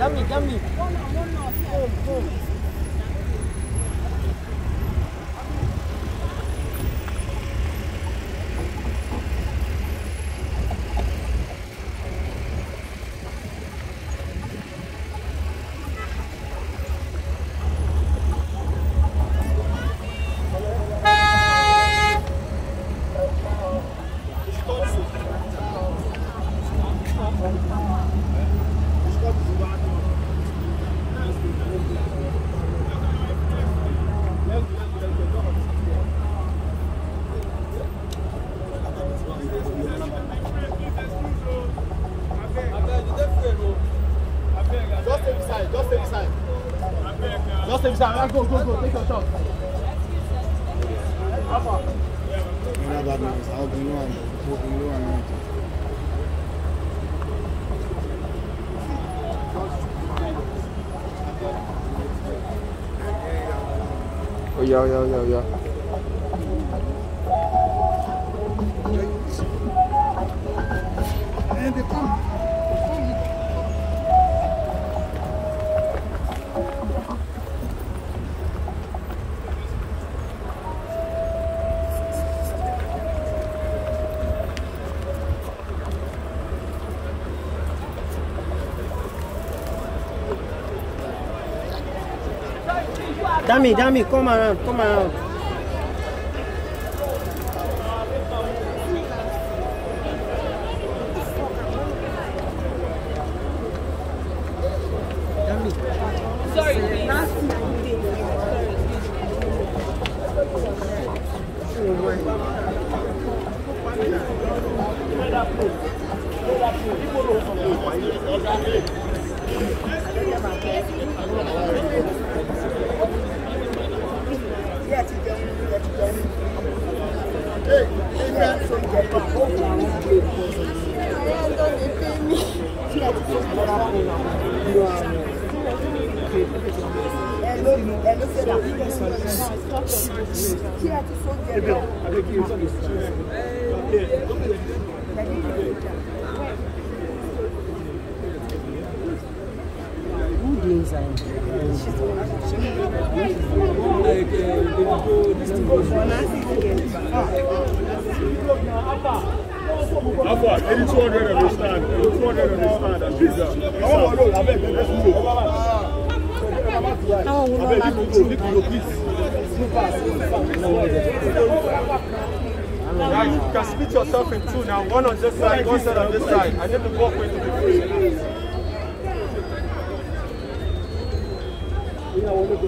كمل كمل side. Just stay inside. Just stay inside. go, go, go. Take your shot. Alpha. You know that means I'll be new and I'll be new and new. Oh, yeah, yeah, yeah, yeah. dá me Dami, dami, coma, coma. Avec qui Alpha, any 200 on the stand, any 200 on the stand, and please, I want to roll, I beg, let's move. I beg, people go, people go, please. Now you can split yourself in two now, one on this side, one side on this side, and then the walkway to be free.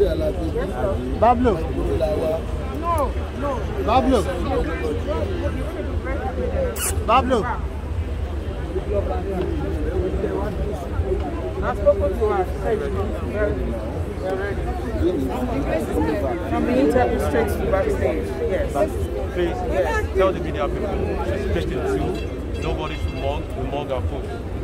nàìjíríà No, no. bí Pablo Pablo from the interview straight to backstage, yes. please, yes. Uh, tell the media people, especially patient too. Nobody should mug, mug her folks.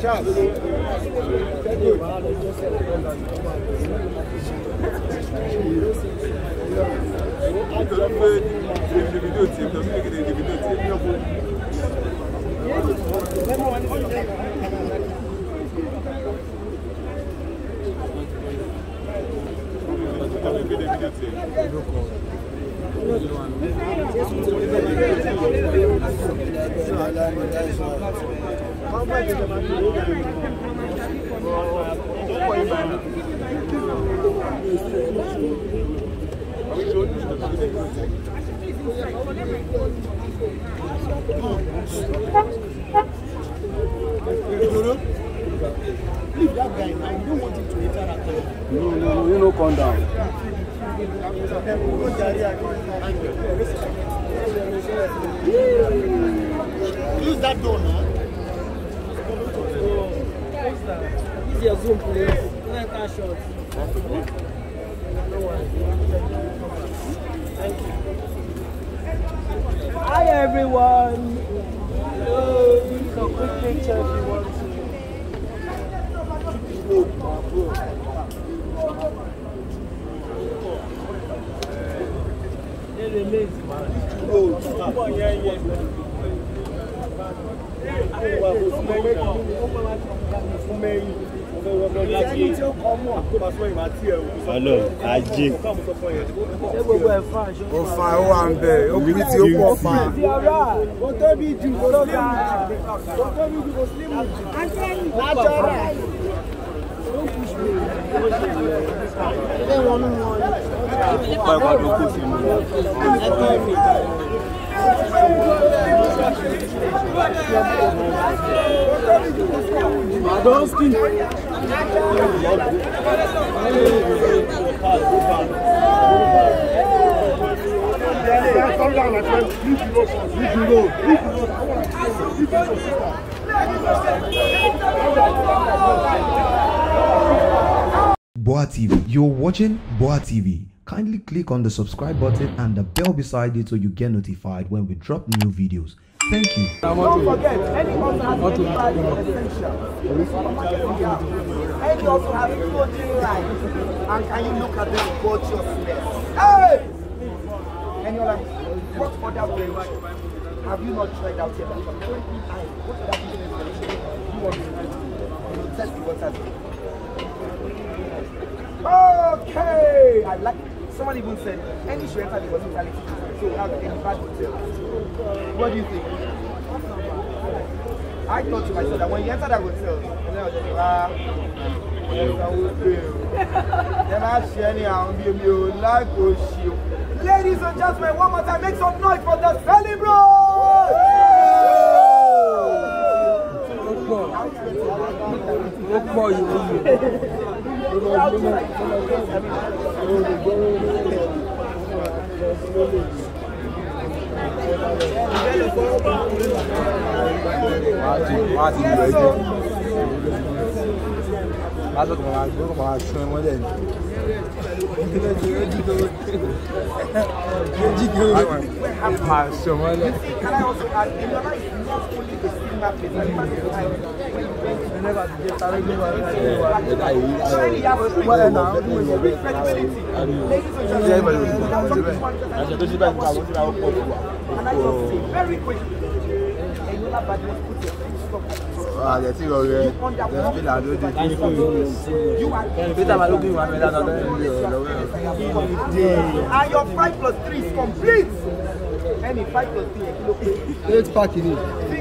Charles. Thank you. Leave that guy now. don't want him to interact. No, no, no. You no come down. Close that door now. Use your zoom, please. Let that shot. Thank you. Hi, everyone. Hello. This a quick picture if you want to. Oh, yeah, yeah. Ọlọ ajé. Ó fa ó wà ń bẹ̀, ó bí tí ó pọ̀ fa. Ó tóbi jù kó ló ga. Ó tóbi jù kó sílímù jù. Lájọ́ra. Ilé wọn nínú wọn. Ó pa ìpàdé òkú sí mi. Adolski. Boa TV. You're watching Boa TV kindly click on the subscribe button and the bell beside it so you get notified when we drop new videos. Thank you. Don't forget, any also has any value essential. Supermarket Any also has clothing life. And can you look at this gorgeousness? Hey! And you're like, what for that range have you not tried out yet? What other business you want to test the waters? Okay, I like it. Someone even said any shoe entered the hospitality, so we have a bad hotel. What do you think? I thought to myself that when you enter that hotel, then I was like, ah, yes, I Then I share any and be me like oh shit. Ladies and gentlemen, one more time, make some noise for the celebrant! Look for you wọ́n á ti lù ẹjọ́ lásìkò máa ń gbọ́dọ̀ máa sún ẹ mọ́lẹ̀ ni. a máa sún ẹ mọ́lẹ̀ very quickly Enola Badmus put your feet àgẹ̀tì rọrẹ ẹ̀fí làdó di kí fún mi peter malogun wà mí lánàá your five plus three complete. ẹni five plus three yẹn kí eight pack ni.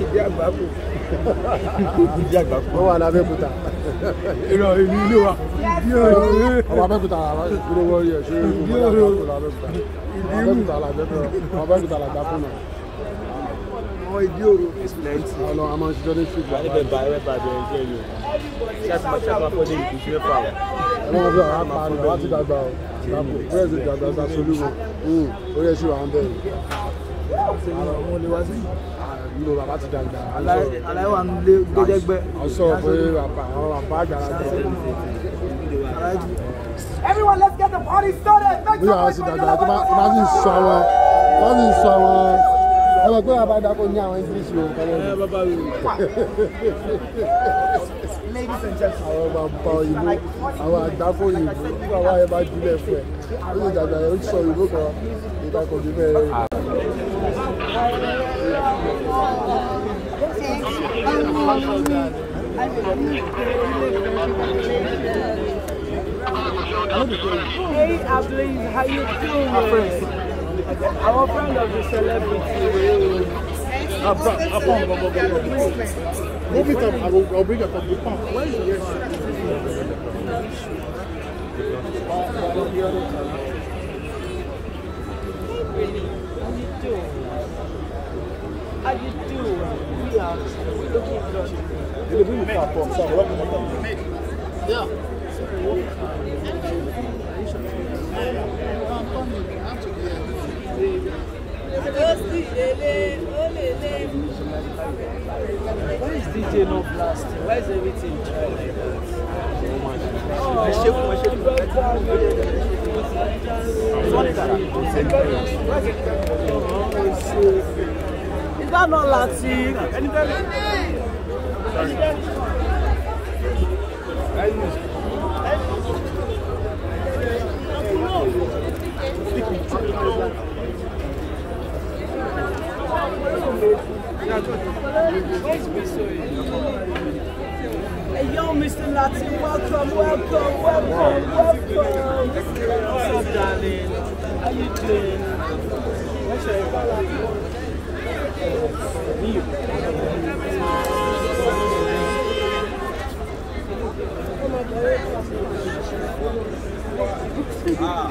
ìdí àgbákò ìdí àgbákò ó wà lábẹ́ kúta ìrọ ìlú ilé wa ọmọ abẹ́kúta ìgbéró wọ́ọ́rì ẹ̀ ṣe é ìdí òrò ìdí òrò ìdí òrò ìdí òrò ìdí ìdí òru. it's plenty. ọ̀nà àmọ́ ìṣòro ní ṣùgbọ́n. wàá níbẹ̀ bàárẹ̀ bàbẹ̀ ẹ̀jẹ̀ yìí o ṣáàpù ṣáàpù àfọ̀dé ìlú ṣe fà o. ọmọ ọdún àwọn apá ni wọ́n ti dàgbà o pírẹ́sì dàgbà ta solúwo hmm, orí ẹ̀ṣin wà ń bẹ̀ yìí. mo lè wá sí. nílò bàbá ti dàgbà. aláìwá ń lé gbẹdẹgbẹ. ọsọ pé bàbá àwọn bàbá àgbàlagbà. Everyone, let's get the party started. Make some noise for the lovers. Imagine someone, imagine someone ẹ mọ̀ pé bàbá dáko ní àwọn english o. ẹ bàbá mi. ladies and gentlemen. àwọn bàbá òyìnbó àwọn àgbáfó òyìnbó àwọn àyẹ̀bá jùlẹ̀ fún ẹ̀ ó lè dàgbà ẹ̀ ó sọ òyìnbó kan ìdàkọ̀ bí bẹ́ẹ̀ rẹ̀. Hey, Ablaze, how you doing? Our friend of the celebrity Move it up. I will, I'll bring it up. The pump. Where is How you doing? How you doing? We are looking good. Yeah. Why is DJ not blasting? Why is everything dry like that? Oh my god. I shake my shake. Is that not Latin? Anybody? Sorry. Hey yo, Mr. Latin, welcome, welcome, welcome, welcome. What's up, darling? How you doing? What's your Ah,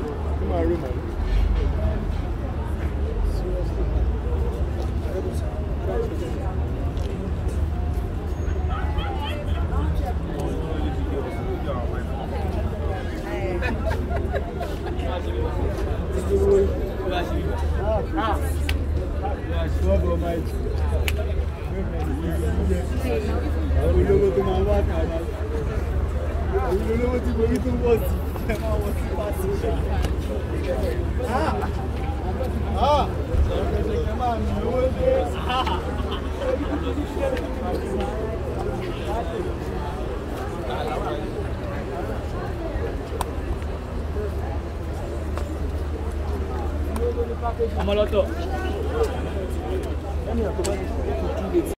olówó tí mo rí tó wọ̀ sí ẹ máa wọ̀ sí pàṣẹ ṣe. ọ̀rẹ́ ṣẹ̀kẹ́ máa nà owó dé. ọmọlọ́tọ̀.